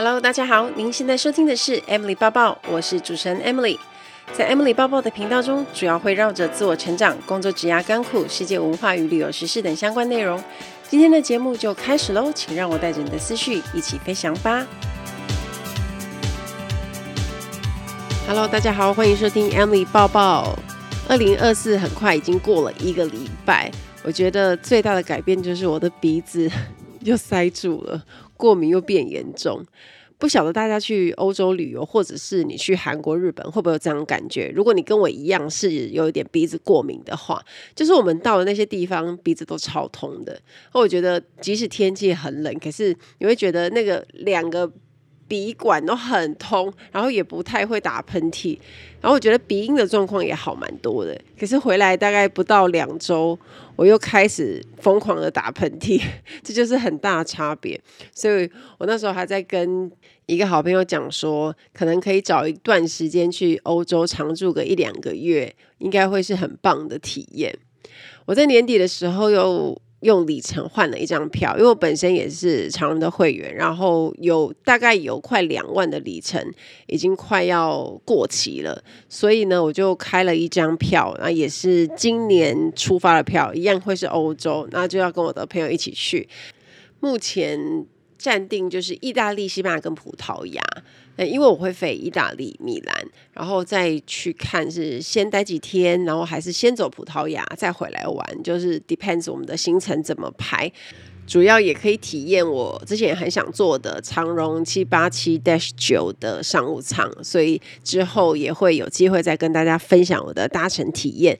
Hello，大家好，您現在收聽的是 Emily 報報，我是主持人 Emily。在 Emily 報報的頻道中，主要會繞着自我成長、工作、職業、甘苦、世界文化與旅遊時事等相關內容。今天的節目就開始嘍，請讓我帶着你的思緒一起飛翔吧。Hello，大家好，歡迎收聽 Emily 報報。二零二四很快已經過了一個禮拜，我覺得最大的改變就是我的鼻子又塞住了。過敏又變嚴重，不曉得大家去歐洲旅遊，或者是你去韓國、日本，會不會有這樣感覺？如果你跟我一樣是有一點鼻子過敏的話，就是我們到的那些地方，鼻子都超痛的。我覺得，即使天氣很冷，可是你會覺得那個兩個。鼻管都很通，然後也不太會打噴嚏，然後我覺得鼻音的狀況也好蠻多的。可是回來大概不到兩周，我又開始瘋狂的打噴嚏，這就是很大差別。所以我那時候還在跟一個好朋友講說，可能可以找一段時間去歐洲長住個一兩個月，應該會是很棒的體驗。我在年底的時候又用里程換了一張票，因為我本身也是長榮的會員，然後有大概有快兩萬的里程，已經快要過期了，所以呢，我就開了一張票，那也是今年出發的票，一樣會是歐洲，那就要跟我的朋友一起去。目前暫定就是意大利、西班牙跟葡萄牙。因為我會飛意大利、米蘭，然後再去看是先待幾天，然後還是先走葡萄牙再回來玩，就是 depends 我們的行程怎麼排，主要也可以體驗我之前很想做的長榮七八七 dash 九的商務艙，所以之後也會有機會再跟大家分享我的搭乘體驗。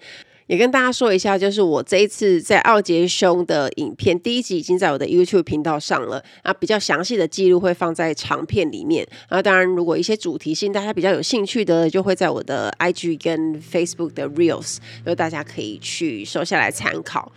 也跟大家說一下，就是我這一次在奧傑兄的影片第一集已經在我的 YouTube 頻道上了，啊，比較詳細的記錄會放在長片裡面，啊，當然如果一些主題性大家比較有興趣的，就會在我的 IG 跟 Facebook 的 Reels，就大家可以去收下來參考。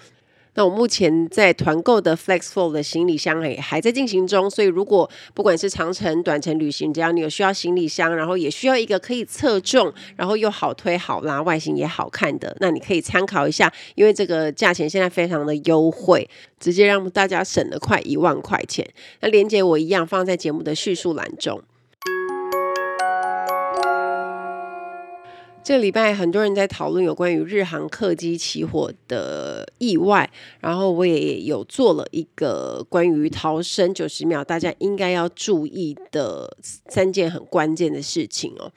那我目前在團購的 Flexflow 的行李箱也還在進行中，所以如果不管是長程、短程旅行，只要你有需要行李箱，然後也需要一個可以秤重，然後又好推好拉，外形也好看的，那你可以參考一下，因為這個價錢現在非常的優惠，直接讓大家省了快一萬塊錢。那鏈接我一樣放在節目的敘述欄中。這禮拜很多人在討論有關於日航客機起火的意外，然後我也有做了一個關於逃生九十秒，大家應該要注意的三件很關鍵的事情哦。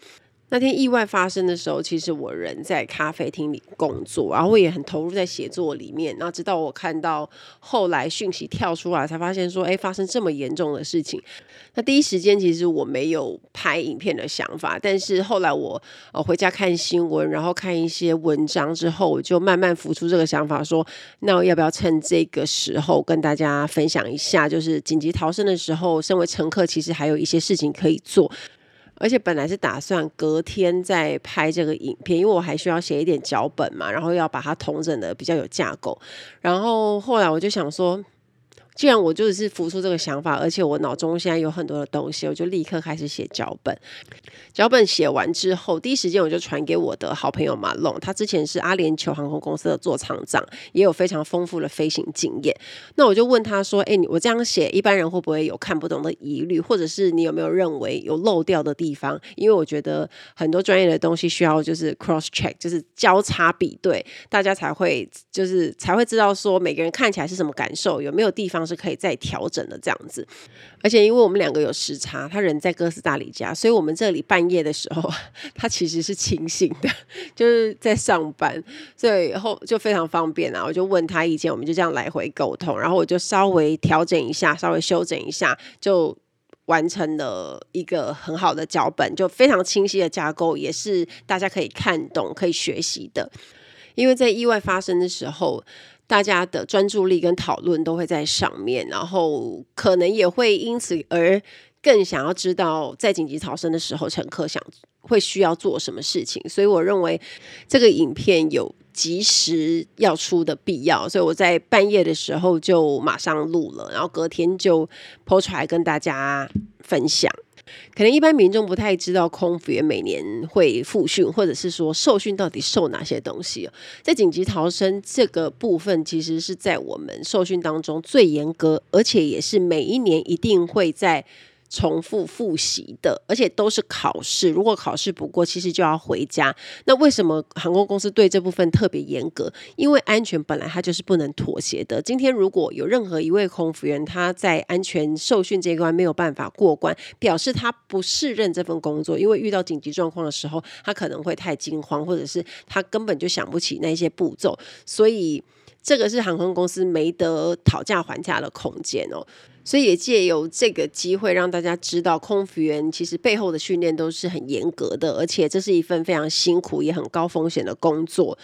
那天意外發生的時候，其實我人在咖啡廳裡工作，然後我也很投入在寫作裡面。那直到我看到後來訊息跳出來，才發現說，誒，發生這麼嚴重的事情。那第一時間其實我沒有拍影片的想法，但是後來我呃回家看新聞，然後看一些文章之後，我就慢慢浮出這個想法，說，那我要不要趁這個時候跟大家分享一下，就是緊急逃生的時候，身為乘客其實還有一些事情可以做。而且本來是打算隔天再拍這個影片，因為我還需要寫一點腳本嘛，然後要把它統整的比較有架構。然後後來我就想說，既然我就是浮出這個想法，而且我腦中現在有很多的東西，我就立刻開始寫腳本。腳本寫完之後，第一時間我就傳給我的好朋友馬龍，他之前是阿聯酋航空公司的座艙長，也有非常豐富的飛行經驗。那我就問他說：“哎，你我這樣寫，一般人會不會有看不懂的疑慮？或者是你有沒有認為有漏掉的地方？因為我覺得很多專業的東西需要就是 cross check，就是交叉比對，大家才會就是才會知道說每個人看起來是什麼感受，有沒有地方。”是可以再調整的這樣子，而且因為我們兩個有時差，他人在哥斯達黎加，所以我們這裡半夜的時候，他其實是清醒的，就是在上班，所以後就非常方便啊。我就問他意見，以前我們就這樣來回溝通，然後我就稍微調整一下，稍微修整一下，就完成了一個很好的腳本，就非常清晰的架構，也是大家可以看懂、可以學習的。因為在意外發生的時候。大家的專注力跟討論都會在上面，然後可能也會因此而更想要知道在緊急逃生的時候，乘客想會需要做什麼事情。所以我認為這個影片有及時要出的必要，所以我在半夜的時候就馬上錄了，然後隔天就 po 出來跟大家分享。可能一般民眾不太知道空服員每年會複訓，或者是說受訓到底受哪些東西。在緊急逃生這個部分，其實是在我們受訓當中最嚴格，而且也是每一年一定會在。重複複習的，而且都是考試。如果考試不過，其實就要回家。那為什麼航空公司對這部分特別嚴格？因為安全本來它就是不能妥協的。今天如果有任何一位空服員他在安全受訓這一關沒有辦法過關，表示他不適任這份工作。因為遇到緊急狀況的時候，他可能會太驚慌，或者是他根本就想不起那些步驟，所以。這個是航空公司沒得討價還價的空間哦，所以也借由這個機會讓大家知道，空服員其實背後的訓練都是很嚴格的，而且這是一份非常辛苦也很高風險的工作。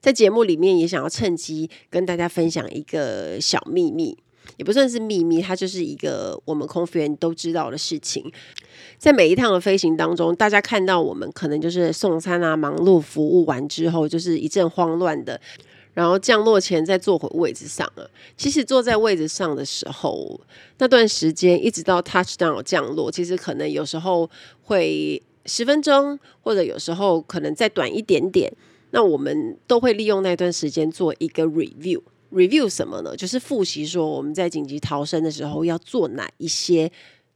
在節目裡面也想要趁機跟大家分享一個小秘密，也不算是秘密，它就是一個我們空服員都知道的事情。在每一趟的飛行當中，大家看到我們可能就是送餐啊，忙碌服務完之後，就是一陣慌亂的。然後降落前再坐回位置上了啊。其實坐在位置上的時候，那段時間一直到 touch down 降落，其實可能有時候會十分鐘，或者有時候可能再短一點點。那我們都會利用那段時間做一個 review。review 什麼呢？就是複習說我們在緊急逃生的時候要做哪一些。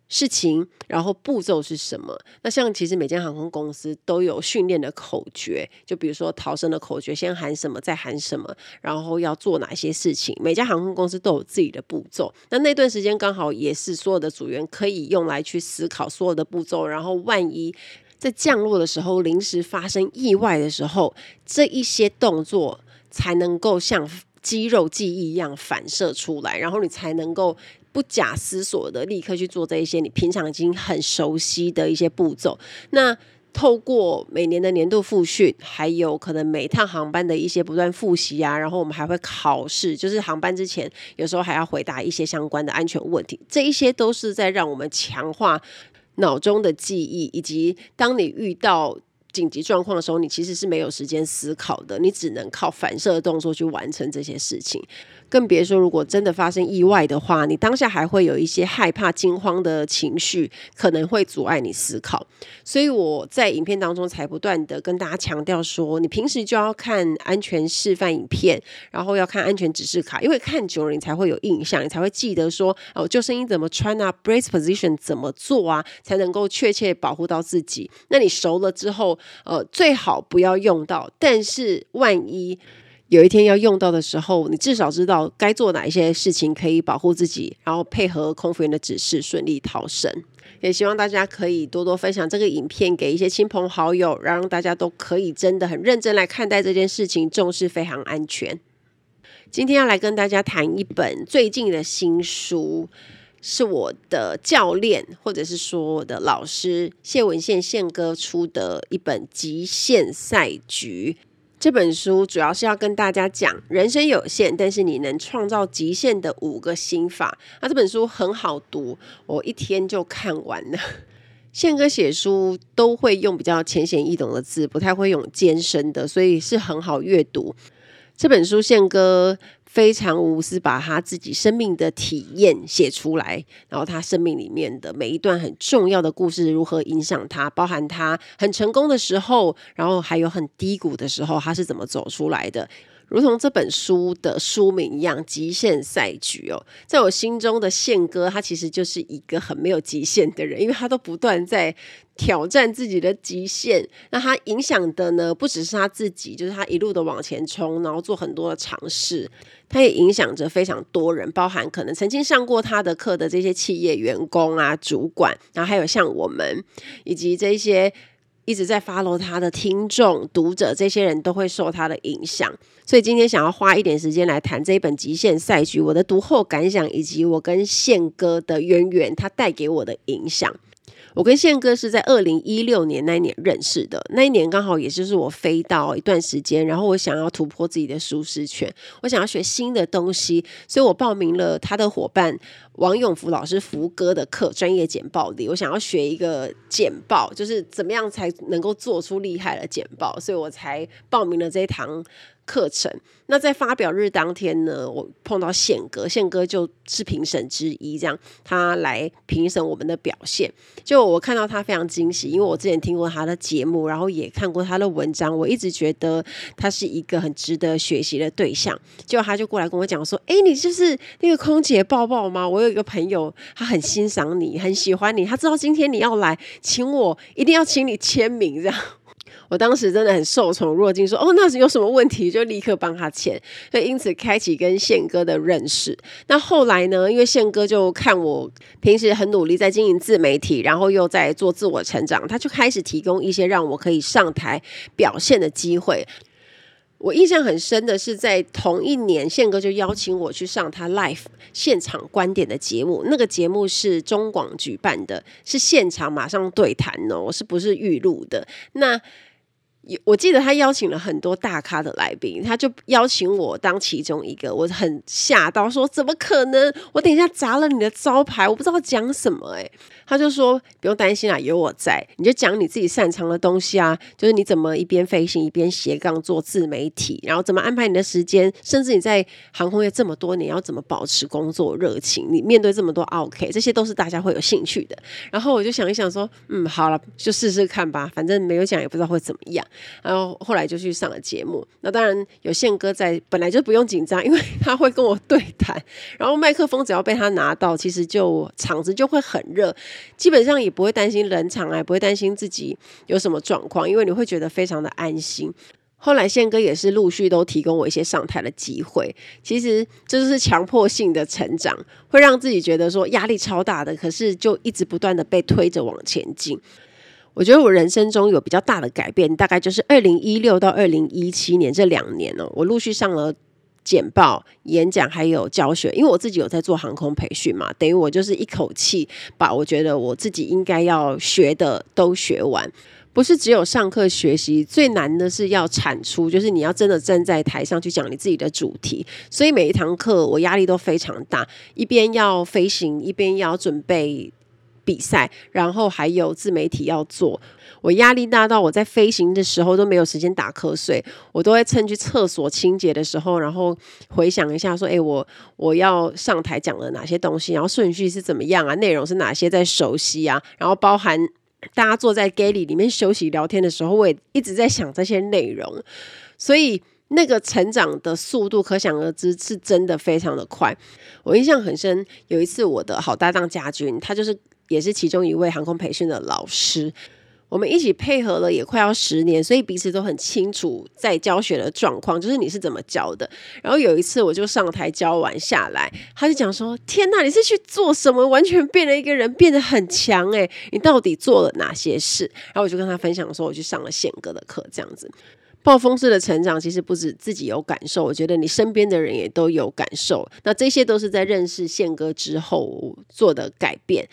事情，然後步驟是什麼？那像其實每間航空公司都有訓練的口訣，就比如說逃生的口訣，先喊什麼，再喊什麼，然後要做哪些事情。每家航空公司都有自己的步驟。那那段時間剛好也是所有的組員可以用來去思考所有的步驟，然後萬一在降落的時候臨時發生意外的時候，這一些動作才能夠像。肌肉記憶一樣反射出來，然後你才能夠不假思索的立刻去做這一些你平常已經很熟悉的一些步驟。那透過每年的年度復訓，還有可能每趟航班的一些不斷復習啊，然後我們還會考試，就是航班之前有時候還要回答一些相關的安全問題，這一些都是在讓我們強化腦中的記憶，以及當你遇到。緊急狀況的時候，你其實是沒有時間思考的，你只能靠反射的動作去完成這些事情。更別說，如果真的發生意外的話，你當下還會有一些害怕、驚慌的情緒，可能會阻礙你思考。所以我在影片當中才不斷的跟大家強調說，你平時就要看安全示範影片，然後要看安全指示卡，因為看久了你才會有印象，你才會記得說，哦、呃，救生衣怎麼穿啊，brace position 怎麼做啊，才能夠確切保護到自己。那你熟了之後，呃，最好不要用到，但是萬一，有一天要用到的時候，你至少知道該做哪一些事情可以保護自己，然後配合空服員的指示順利逃生。也希望大家可以多多分享這個影片給一些親朋好友，讓大家都可以真的很認真來看待這件事情，重視飛行安全。今天要來跟大家談一本最近的新書，是我的教練或者是說我的老師謝文憲憲哥出的一本《極限賽局》。這本書主要是要跟大家講，人生有限，但是你能創造極限的五個心法。那、啊、這本書很好讀，我一天就看完了。憲哥寫書都會用比較淺顯易懂的字，不太會用艱深的，所以是很好閱讀。這本書，憲哥非常無私，把他自己生命的體驗寫出來，然後他生命裡面的每一段很重要的故事如何影響他，包含他很成功的時候，然後還有很低谷的時候，他是怎麼走出來的。如同這本書的書名一樣，《極限賽局》哦，在我心中的憲哥，他其實就是一個很沒有極限的人，因為他都不斷在挑戰自己的極限。那他影響的呢，不只是他自己，就是他一路的往前衝，然後做很多的嘗試。他也影響着非常多人，包含可能曾經上過他的課的這些企業員工啊、主管，然後還有像我們以及這些。一直在 follow 他的聽眾、讀者，這些人都會受他的影響。所以今天想要花一點時間來談這一本《極限賽局》，我的讀後感想，以及我跟憲哥的淵源，他帶給我的影響。我跟憲哥是在二零一六年那一年認識的，那一年剛好也就是我飛到一段時間，然後我想要突破自己的舒適圈，我想要學新的東西，所以我報名了他的夥伴王永福老師福哥的課，專業簡報裡我想要學一個簡報，就是怎麼樣才能夠做出厲害的簡報，所以我才報名了這一堂課程。那在發表日當天呢，我碰到憲哥，憲哥就是評審之一，這樣他來評審我們的表現。就我看到他非常驚喜，因為我之前聽過他的節目，然後也看過他的文章，我一直覺得他是一個很值得學習的對象。就他就過來跟我講說：“哎、欸，你就是那個空姐報報嗎？我有一個朋友，他很欣賞你，很喜歡你，他知道今天你要來，請我一定要請你簽名，這樣。”我當時真的很受寵若驚，說：“哦，那是有什麼問題就立刻幫他簽。”所以因此開啟跟憲哥的認識。那後來呢？因為憲哥就看我平時很努力在經營自媒體，然後又在做自我成長，他就開始提供一些讓我可以上台表現的機會。我印象很深的是，在同一年，憲哥就邀請我去上他 live 現場觀點的節目。那個節目是中廣舉辦的，是現場馬上對談哦，我是不是預錄的？那。我記得他邀請了很多大咖的來賓，他就邀請我當其中一個，我很嚇到說：“怎麼可能？我等一下砸了你的招牌，我不知道講什麼。”誒，他就說：“不用擔心啊，有我在，你就講你自己擅長的東西啊，就是你怎麼一邊飛行一邊斜槓做自媒體，然後怎麼安排你的時間，甚至你在航空業這麼多年要怎麼保持工作熱情，你面對這麼多 OK，這些都是大家會有興趣的。”然後我就想一想說：“嗯，好了，就試試看吧，反正沒有講也不知道會怎麼樣。”然後後來就去上了節目，那當然有憲哥在，本來就不用緊張，因為他會跟我對談。然後麥克風只要被他拿到，其實就場子就會很熱，基本上也不會擔心冷場啊，不會擔心自己有什麼狀況，因為你會覺得非常的安心。後來憲哥也是陸續都提供我一些上台的機會，其實這就是強迫性的成長，會讓自己覺得說壓力超大的，可是就一直不斷的被推着往前進。我覺得我人生中有比較大的改變，大概就是二零一六到二零一七年這兩年哦、喔，我陸續上了簡報、演講還有教學，因為我自己有在做航空培訓嘛，等於我就是一口氣把我覺得我自己應該要學的都學完。不是只有上課學習，最難的是要產出，就是你要真的站在台上去講你自己的主題。所以每一堂課我壓力都非常大，一邊要飛行，一邊要準備。比賽，然後還有自媒體要做，我壓力大到我在飛行的時候都沒有時間打瞌睡，我都會趁去廁所清潔的時候，然後回想一下，說：“哎、欸，我我要上台講了哪些東西，然後順序是怎麼樣啊？內容是哪些在熟悉啊？然後包含大家坐在 galley 裡面休息聊天的時候，我也一直在想這些內容，所以那個成長的速度可想而知，是真的非常的快。我印象很深，有一次我的好搭檔家軍，他就是。也是其中一位航空培訓的老師，我們一起配合了也快要十年，所以彼此都很清楚在教學的狀況，就是你是怎麼教的。然後有一次我就上台教完下來，他就講說：“天哪，你是去做什麼？完全變了一個人，變得很強哎！你到底做了哪些事？”然後我就跟他分享說：“我去上了憲哥的課，這樣子，暴風式的成長，其實不止自己有感受，我覺得你身邊的人也都有感受。那這些都是在認識憲哥之後做的改變。”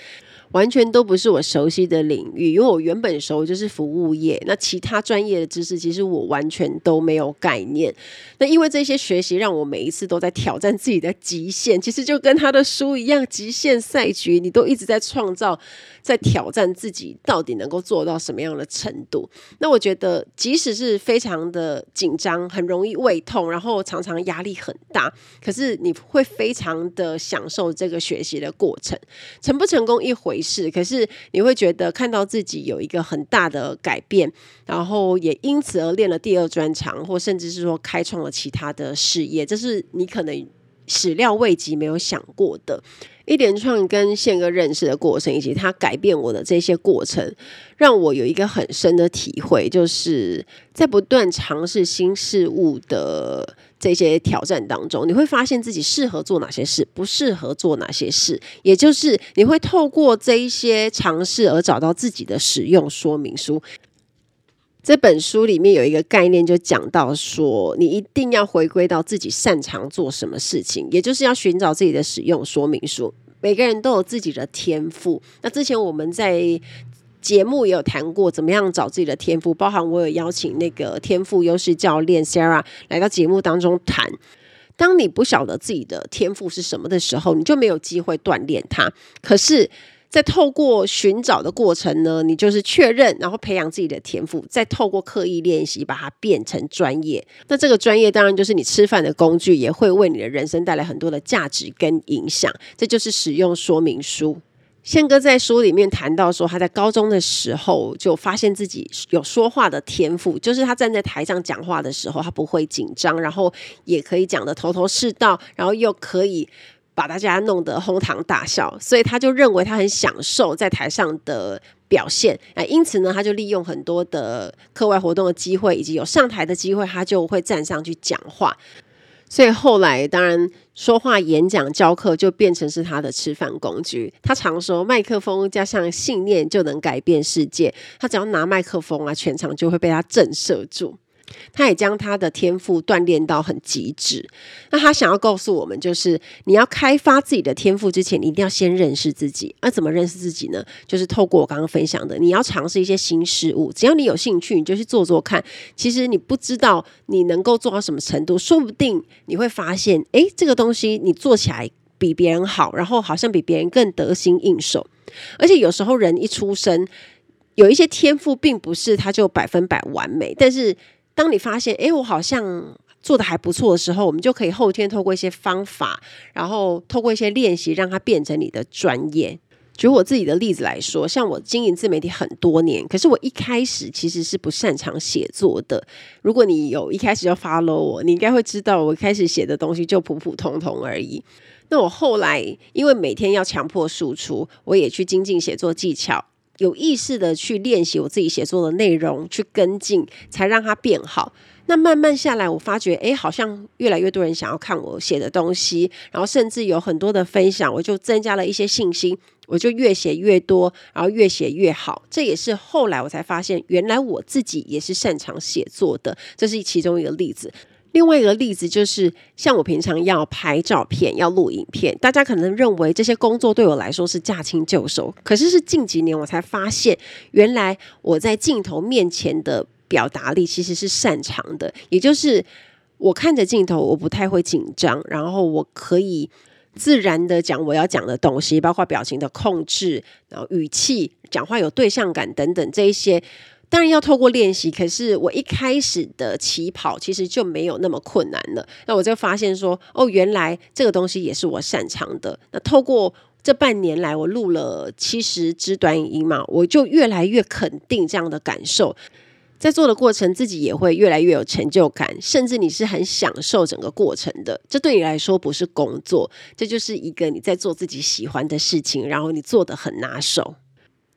完全都不是我熟悉的領域，因為我原本熟就是服務業，那其他專業的知識其實我完全都沒有概念。那因為這些學習讓我每一次都在挑戰自己的極限，其實就跟他的書一樣，極限賽局，你都一直在創造，在挑戰自己到底能夠做到什麼樣的程度。那我覺得，即使是非常的緊張，很容易胃痛，然後常常壓力很大，可是你會非常的享受這個學習的過程，成不成功一回。是，可是你會覺得看到自己有一個很大的改變，然後也因此而練了第二專長，或甚至是說開創了其他的事業，這是你可能始料未及、沒有想過的一連串跟憲哥認識的過程，以及他改變我的這些過程，讓我有一個很深的體會，就是在不斷嘗試新事物的。這些挑戰當中，你會發現自己適合做哪些事，不適合做哪些事，也就是你會透過這一些嘗試而找到自己的使用說明書。這本書裡面有一個概念，就講到說，你一定要回歸到自己擅長做什麼事情，也就是要尋找自己的使用說明書。每個人都有自己的天賦。那之前我們在節目也有談過怎麼樣找自己的天賦，包含我有邀請那個天賦優勢教練 Sarah 來到節目當中談。當你不曉得自己的天賦是什麼的時候，你就沒有機會鍛鍊它。可是，在透過尋找的過程呢，你就是確認，然後培養自己的天賦，再透過刻意練習把它變成專業。那這個專業當然就是你吃飯的工具，也會為你的人生帶來很多的價值跟影響。這就是使用說明書。憲哥在書裡面談到說，他在高中的時候就發現自己有說話的天賦，就是他站在台上講話的時候，他不會緊張，然後也可以講得頭頭是道，然後又可以把大家弄得鬨堂大笑，所以他就認為他很享受在台上的表現，哎，因此呢，他就利用很多的課外活動的機會，以及有上台的機會，他就會站上去講話。所以後來，當然說話、演講、教課就變成是他的吃飯工具。他常說，麥克風加上信念就能改變世界。他只要拿麥克風啊，全場就會被他震懾住。他也將他的天賦鍛鍊到很極致。那他想要告訴我們，就是你要開發自己的天賦之前，你一定要先認識自己。那怎麼認識自己呢？就是透過我剛剛分享的，你要嘗試一些新事物。只要你有興趣，你就去做做看。其實你不知道你能夠做到什麼程度，說不定你會發現，誒，這個東西你做起來比別人好，然後好像比別人更得心應手。而且有時候人一出生，有一些天賦並不是他就百分百完美，但是。當你發現，哎，我好像做得還不錯的時候，我們就可以後天透過一些方法，然後透過一些練習，讓它變成你的專業。舉我自己的例子來說，像我經營自媒體很多年，可是我一開始其實是不擅長寫作的。如果你有一開始就 follow 我，你應該會知道我一開始寫的東西就普普通通而已。那我後來因為每天要強迫輸出，我也去精進寫作技巧。有意識地去練習我自己寫作的內容，去跟進，才讓它變好。那慢慢下來，我發覺，哎，好像越來越多人想要看我寫的東西，然後甚至有很多的分享，我就增加了一些信心，我就越寫越多，然後越寫越好。這也是後來我才發現，原來我自己也是擅長寫作的，這是其中一個例子。另外一個例子就是，像我平常要拍照片、要錄影片，大家可能認為這些工作對我來說是駕輕就熟。可是是近幾年我才發現，原來我在鏡頭面前的表達力其實是擅長的。也就是我看着鏡頭，我不太會緊張，然後我可以自然地講我要講的東西，包括表情的控制，然後語氣、講話有對象感等等這一些。當然要透過練習，可是我一開始的起跑其實就沒有那麼困難了。那我就發現說，哦，原來這個東西也是我擅長的。那透過這半年來，我錄了七十支短影音嘛，我就越來越肯定這樣的感受。在做的過程，自己也會越來越有成就感，甚至你是很享受整個過程的。這對你來說不是工作，這就是一個你在做自己喜歡的事情，然後你做得很拿手。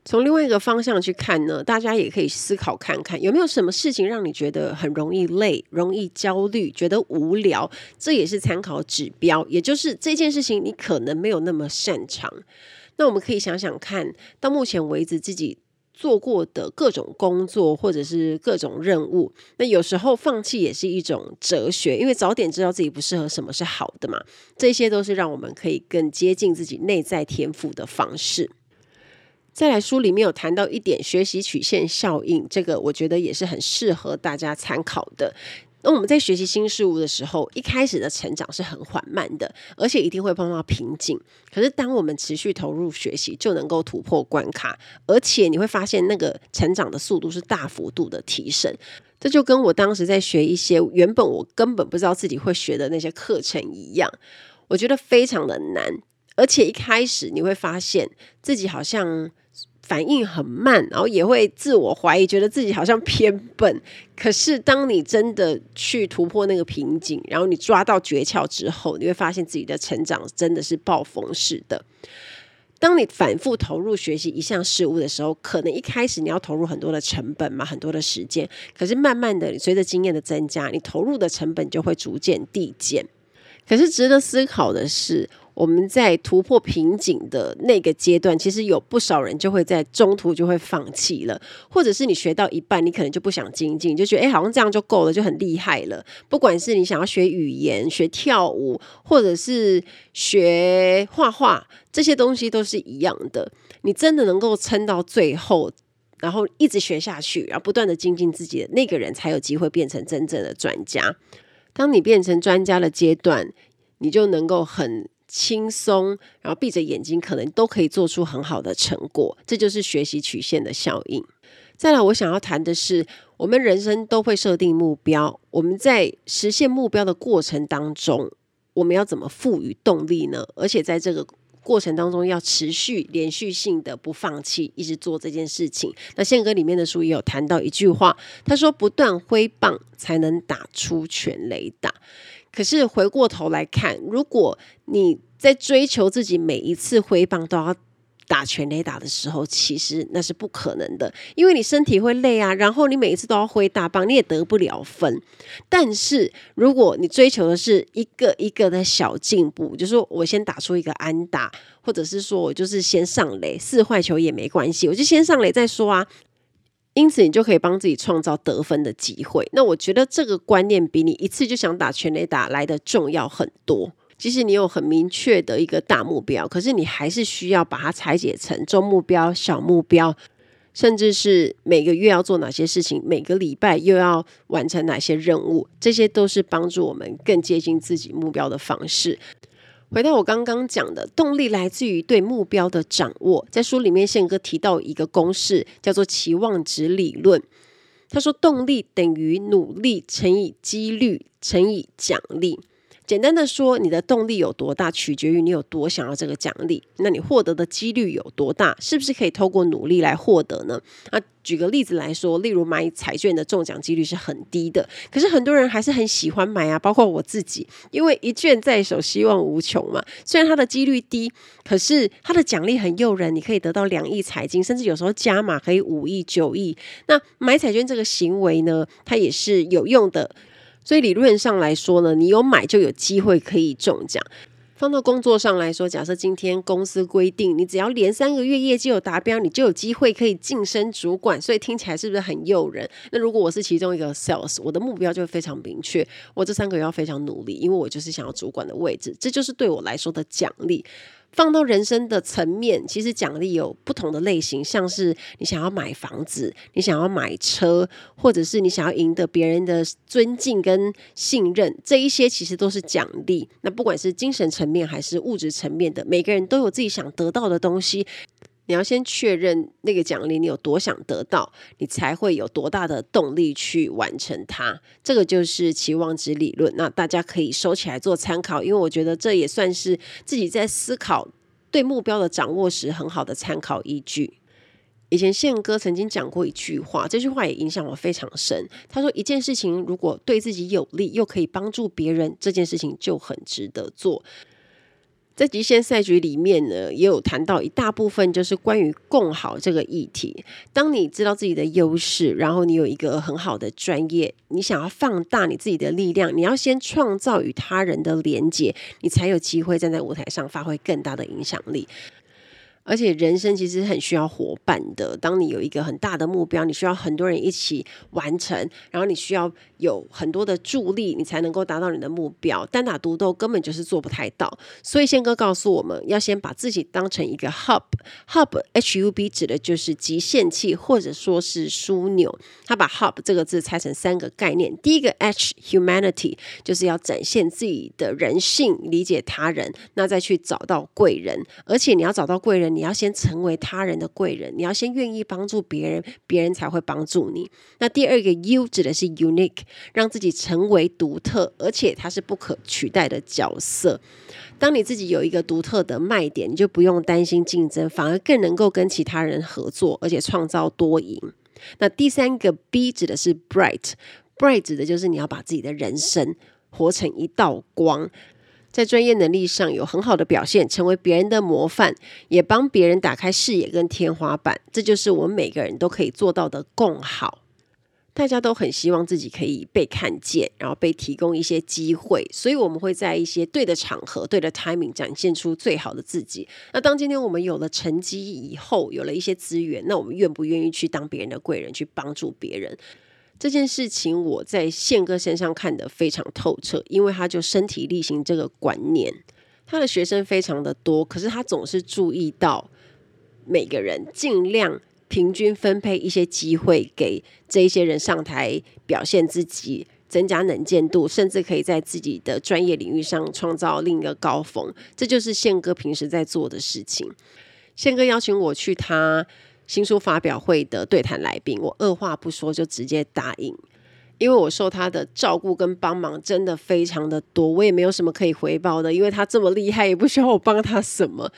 從另外一個方向去看呢，大家也可以思考看看，有沒有什麼事情讓你覺得很容易累、容易焦慮、覺得無聊？這也是參考指標，也就是這件事情你可能沒有那麼擅長。那我們可以想想看，到目前為止自己做過的各種工作或者是各種任務，那有時候放棄也是一種哲學，因為早點知道自己不適合什麼是好的嘛。這些都是讓我們可以更接近自己內在天賦的方式。再來書裡面有談到一點學習曲線效應，這個我覺得也是很適合大家參考的。那我們在學習新事物的時候，一開始的成長是很緩慢的，而且一定會碰到瓶頸。可是當我們持續投入學習，就能夠突破關卡，而且你會發現那個成長的速度是大幅度的提升。這就跟我當時在學一些原本我根本不知道自己會學的那些課程一樣，我覺得非常的難，而且一開始你會發現自己好像，反應很慢，然後也會自我懷疑，覺得自己好像偏笨。可是，當你真的去突破那個瓶頸，然後你抓到訣竅之後，你會發現自己的成長真的是爆發式的。當你反覆投入學習一項事物的時候，可能一開始你要投入很多的成本嘛，很多的時間。可是，慢慢的你隨着經驗的增加，你投入的成本就會逐漸遞減。可是，值得思考的是。我們在突破瓶頸的那個階段，其實有不少人就會在中途就會放棄了，或者是你學到一半，你可能就不想精進，就覺得哎、欸，好像這樣就夠了，就很厲害了。不管是你想要學語言、學跳舞，或者是學畫畫，這些東西都是一樣的。你真的能夠撐到最後，然後一直學下去，然後不斷的精進自己的那個人，才有機會變成真正的專家。當你變成專家的階段，你就能夠很。輕鬆，然後閉着眼睛，可能都可以做出很好的成果。這就是學習曲線的效應。再來，我想要談的是，我們人生都會設定目標，我們在實現目標的過程當中，我們要怎麼賦予動力呢？而且在這個過程當中要持續連續性的不放棄，一直做這件事情。那憲哥裡面的書也有談到一句話，他說：“不斷揮棒才能打出全壘打。”可是回過頭來看，如果你在追求自己每一次揮棒都要打全壘打的時候，其實那是不可能的，因為你身體會累啊。然後你每一次都要揮大棒，你也得不了分。但是如果你追求的是一個一個的小進步，就是我先打出一個安打，或者是說我就是先上壘，四壞球也沒關係，我就先上壘再說啊。因此，你就可以幫自己創造得分的機會。那我覺得這個觀念比你一次就想打全壘打來的重要很多。即使你有很明確的一個大目標，可是你還是需要把它拆解成中目標、小目標，甚至是每個月要做哪些事情，每個禮拜又要完成哪些任務，這些都是幫助我們更接近自己目標的方式。回到我剛剛講的動力來自於對目標的掌握，在書裡面憲哥提到一個公式，叫做期望值理論。他說，動力等於努力乘以機率乘以獎勵。簡單的說，你的動力有多大，取決於你有多想要這個獎勵。那你獲得的幾率有多大？是不是可以透過努力來獲得呢？那、啊、舉個例子來說，例如買彩券的中獎幾率是很低的，可是很多人還是很喜歡買啊，包括我自己，因為一券在手，希望無窮嘛。雖然它的幾率低，可是它的獎勵很誘人，你可以得到兩億彩金，甚至有時候加碼可以五億、九億。那買彩券這個行為呢，它也是有用的。所以理論上來說呢，你有買就有機會可以中獎。放到工作上來說，假設今天公司規定你只要連三個月業績有達標，你就有機會可以晉升主管。所以聽起來是不是很誘人？那如果我是其中一個 sales，我的目標就會非常明確，我這三個月要非常努力，因為我就是想要主管的位置，這就是對我來說的獎勵。放到人生的層面，其實獎勵有不同的類型，像是你想要買房子，你想要買車，或者是你想要贏得別人的尊敬跟信任，這一些其實都是獎勵。那不管是精神層面還是物質層面的，每個人都有自己想得到的東西。你要先確認那個獎勵你有多想得到，你才會有多大的動力去完成它。這個就是期望值理論。那大家可以收起來做參考，因為我覺得這也算是自己在思考對目標的掌握時很好的參考依據。以前憲哥曾經講過一句話，這句話也影響我非常深。他說：“一件事情如果對自己有利，又可以幫助別人，這件事情就很值得做。”在極限賽局裡面呢，也有談到一大部分，就是關於共好這個議題。當你知道自己的優勢，然後你有一個很好的專業，你想要放大你自己的力量，你要先創造與他人的連接，你才有機會站在舞台上發揮更大的影響力。而且人生其實很需要夥伴的。當你有一個很大的目標，你需要很多人一起完成，然後你需要有很多的助力，你才能夠達到你的目標。單打獨鬥根本就是做不太到。所以憲哥告訴我們要先把自己當成一個 hub，hub h, hub, h u b 指的就是集線器，或者說是樞紐。他把 hub 這個字拆成三個概念，第一個 h humanity 就是要展現自己的人性，理解他人，那再去找到貴人，而且你要找到貴人。你要先成為他人的貴人，你要先願意幫助別人，別人才會幫助你。那第二個 U 指的是 unique，讓自己成為獨特，而且它是不可取代的角色。當你自己有一個獨特的賣點，你就不用擔心競爭，反而更能夠跟其他人合作，而且創造多贏。那第三個 B 指的是 bright，bright 指的就是你要把自己的人生活成一道光。在專業能力上有很好的表現，成為別人的模範，也幫別人打開視野跟天花板。這就是我們每個人都可以做到的共好。大家都很希望自己可以被看見，然後被提供一些機會，所以我們會在一些對的場合、對的 timing 展現出最好的自己。那當今天我們有了成績以後，有了一些資源，那我們願不願意去當別人的貴人，去幫助別人？這件事情我在憲哥身上看得非常透徹，因為他就身體力行這個觀念。他的學生非常的多，可是他總是注意到每個人，盡量平均分配一些機會給這些人上台表現自己，增加能見度，甚至可以在自己的專業領域上創造另一個高峰。這就是憲哥平時在做的事情。憲哥邀請我去他新書發表會的對談來賓，我二話不說就直接答應，因為我受他的照顧跟幫忙真的非常的多，我也沒有什麼可以回報的，因為他這麼厲害也不需要我幫他什麼。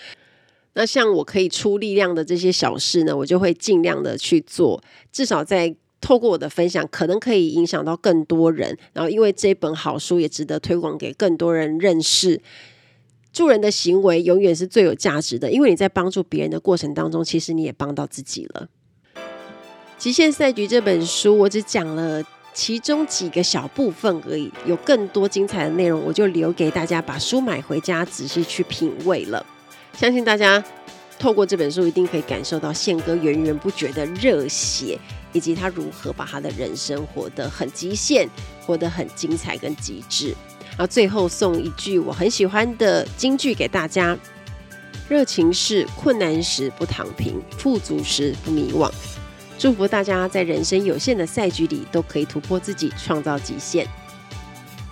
那像我可以出力量的這些小事呢，我就會盡量的去做，至少在透過我的分享，可能可以影響到更多人。然後因為這本好書也值得推廣給更多人認識。助人的行為永遠是最有價值的，因為你在幫助別人的過程當中，其實你也幫到自己了。《極限賽局》這本書，我只講了其中幾個小部分而已，有更多精彩的內容，我就留給大家把書買回家，仔細去品味了。相信大家透過這本書，一定可以感受到憲哥源源不絕的熱血，以及他如何把他的人生活得很極限，活得很精彩跟極致。然後最後送一句我很喜歡的金句給大家：熱情是困難時不躺平，富足時不迷惘。祝福大家在人生有限的賽局裡，都可以突破自己，創造極限。